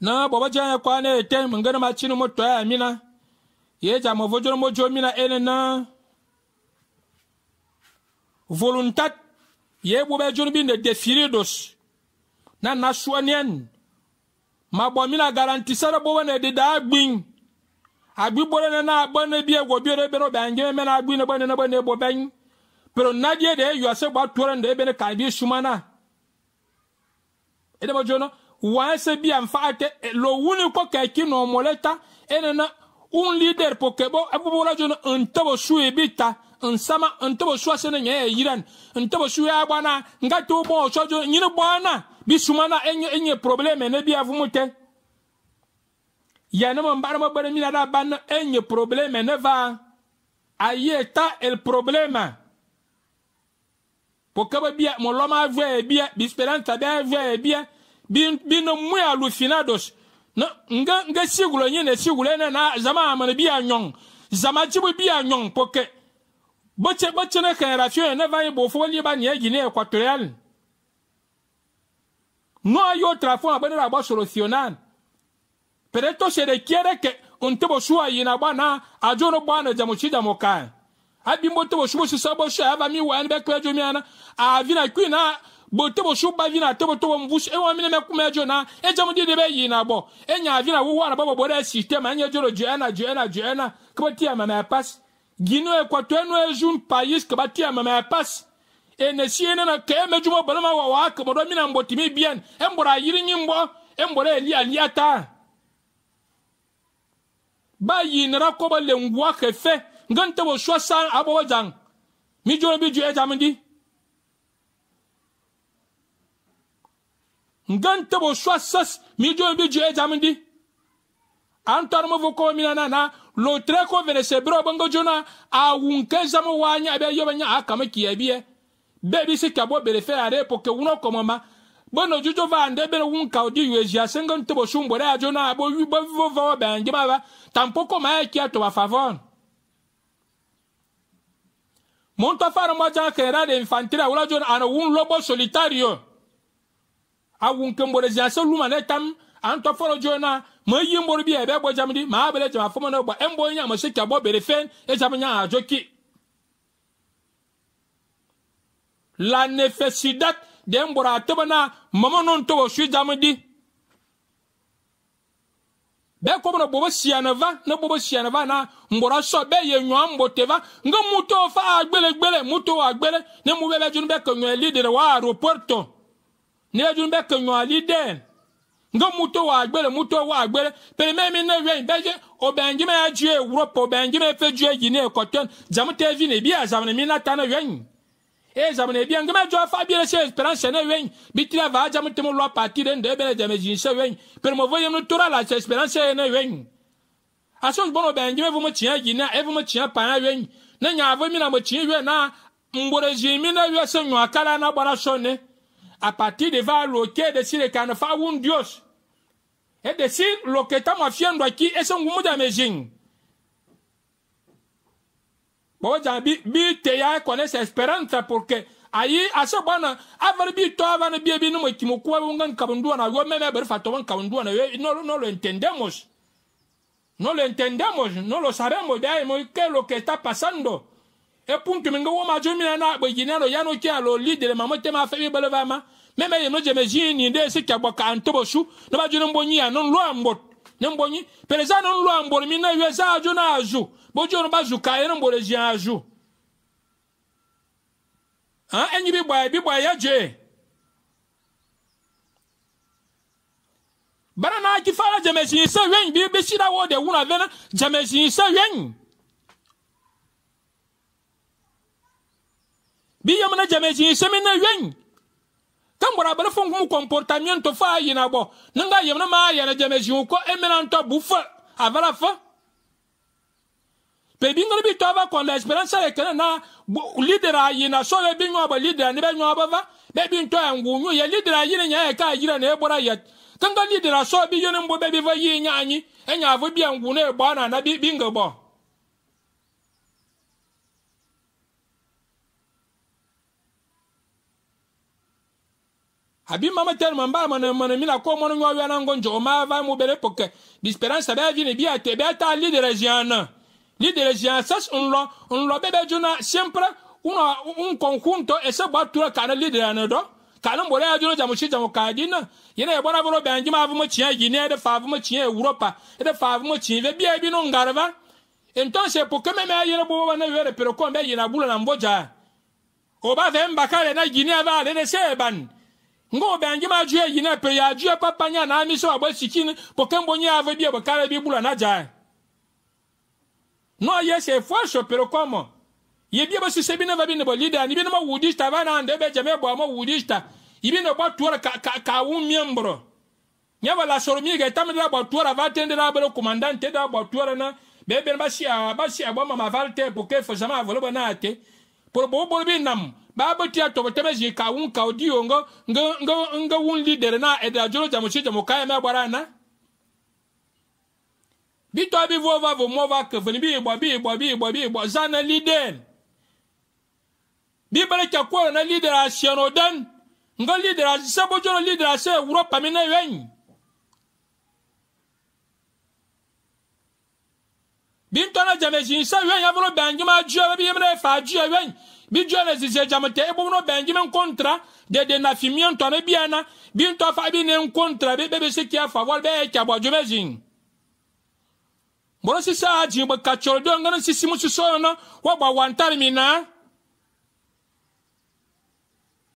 na bobo anya kwa na ete mngana machini moto ya mina ye ja movojo mojo mina ene na voluntat ye bobe jun bin de defiridos na nasuanien ma bo mina garantisara bobo na de da gbin agbi bore na agbo na bi egwo bi ore bero bange me na agbi na bo na bo na bo ben pero nadie de yo ase gba tuore ebe ne kan bi sumana ede waase bia mfaate eh, lo wuni ko keki no moleta enena un leader pokebo abubola eh, jono ntabo suwe bita nsama ntabo suwa sene nye e yiran ntabo suwe abana nga to bo sojo nyine bwana bisumana enye enye probleme ne bia vumute yana mbara mbara mina da ban enye probleme ne va ayeta el problema pokebo bia moloma vwe e bia bisperanza bia vwe e bia bino mwe alufinados nga nga sigulo nyine sigulo ne na zama amana biya nyong zama jibu biya nyong poke boche boche ne kan rafio ne va yibo fo li ba ne gine equatorial no ayo trafo abana la ba solucionan pero esto se requiere que un tebo suwa na bana ajono bana jamuchi jamokan abimbo tebo suwa sabo sha ba mi wa ne be kwejo mi ana avina kwina bo tebo su ba vina tebo tobo mvusu ewa mine me kume jo na e jamu di debe yi na bo e nya vina wo wana babo bode sistema enye joro jena jena jena kaba tia mama pas gino e kwa twenu e jun payis kaba tia mama pas e ne sie ne na ke e me jumo balama wa wa kaba do mina mbo timi bien e mbora yiri nyi mbo e mbora eli aliata ba yi nara koba le ngwa kefe ngantebo shwa san abo wajang mi joro bi ju e jamu di ngante bo swa sas milioni bi je jamindi antar mo voko mina na na lo tre ko vene se bro bongo jona a wunke zamu wanya be yoba nya aka me kiye biye be bi se kabo bele fe are poke uno komo ma bono jujo va ande bele wunka odi yueji asenga nte bo shumbo re ajona abo yu bo vivo vo be anje ma ba tampoko ma e kia ba favon Monta fara mo jan kera de infanteria wala jona ana un lobo solitario awunke mbore zia se luma ne tam antɔ fɔlɔ joona mɛ yi mbori bi ɛbɛ bɔ jami di maa bɛlɛ jama fɔmɔ ne bɔ ɛnbɔ nya mɛ se kɛ bɔ bere fɛn e jami nya adzo ki la nefesidat de mbora atɛbɛ na mɔmɔ nu tɔbɔ su jami di bɛɛ kɔmi na bɔbɔ siyanɛ va ne bɔbɔ siyanɛ va na mbɔra sɔ bɛɛ ye ɲɔ mbote va nga muto fa agbele gbele muto agbele ne mu bɛ bɛ junu bɛ kɛ ɲɔ li de wa aeroport nirejun bɛ kenyɔli dɛ nga muto wa agbere muto wa agbere pelememi ne wɛn bɛje obɛnjime adue europe obɛnjime efedue guinea kɔtɔn jamutevi ne bi azamene mi na ta ne wɛn eye zamene ebia ngeme dzo afa bi ɖe se esperance ne wɛnyi bitri ava adzame tem lɔ pati ɖe ŋdɔ ebe le dzame zi se wɛnyi esperance ne wɛnyi aso gbɔnɔ bɛn ngeme evo me tsia yi na evo me tsia pa na wɛnyi ne nya avo mi na me tsia na ŋgo ɖe zi mi ne wɛ se na bɔ a partir de va lo que decir que no fa un Dios. Es decir, lo que estamos haciendo aquí es un mundo de Bojan bi bi te ya con esa esperanza porque allí a ver, no no no lo entendemos. No lo entendemos, no lo sabemos de ¿qué es lo que está pasando? epuntumi nga woma jo mi na agbo yina lo ya no kia lo lidere ma mo tema fe mi beleva ma me me no jeme jini de se kia gbo ka ntobo shu no ba jo no mbonyi ya no nlo ambo ne mbonyi peleza no nlo ambo mi na yue sa jo na aju bo jo no ba ju ka ye no mbole ji aju ha enyi bi gba bi gba ya je bana na ki fara jeme jini se wen bi bi shira wo de wuna vena jeme jini se wen biyam na jame jin semi na yen kan gbara bala fun kum comportamento fa yina bo nanga yam na ma ya e na jame jin ko bu fa avala fa pe bingala bi to ba kon la e kana na leader nya e ka yira na e bora ya kan ga leader so bi enya bi e e na na bi abi mama tel man ba man man mina ko mon nyo wi na ngonjo ma va mu bere poke bi esperance ba vi ne bi ate be ata li de region li de region sas un lo un lo bebe juna sempre uno un conjunto e se ba tura kana li de na do kana mbore ya juna jamu shi jamu kaji na yene e bona bolo banji ma vumo chia gine de fa vumo chia europa de fa vumo chia ve bi bi no ngarva entonces pour que même ayere bo ba na were pero ko mbe yina bula na mboja na gine ava le ne se ngo obengi maju eyi na pe ya ju papa nya na ami so agba sikini bokembo nya ave bi bokare bi bula na jai no ye se fo so pero como ye bi ba sise bi na ba bi ne bo leader ni bi na ma wudi sta ba na ande be jeme bo ma wudi sta ibi na ba tuora ka ka ka wu miembro nya ba la soro mi ga tamde la ba tuora va tende la ba commandant da ba tuora na be be ba si ba si ba ma ma valte pour que fo jamais volo ba na ate pour bo bo bi nam babu tiya to bata meji ka wun ka odi yo ngo ngo ngo ngo wun leader na eda jolo jamu chi jamu kaya me bara na bito bi vo va vo mo va ke veni bi bo bi bo bi bo bi bo zana leader bi bala ka ko na leader a sheno dan ngo leader a sabo jolo leader a se wuro pamina yen bintɔna jamesi nsa wɛn yɛbolo bɛnjima ajuɛ bɛ yɛmina efa ajuɛ wɛn bi juɛ na sise jamute ebubu no bɛnjima nkontra dede na fimiɛ ntɔme biana bintɔ fa bi ne nkontra bi bɛ bi si kia fa wɔli bɛ ɛkya bɔ jumɛsi bolo sisa aji bɛ katsɔrɔ don ŋana sisi mu sisɔ yɔn na wɔ bɔ wɔntari mi naa.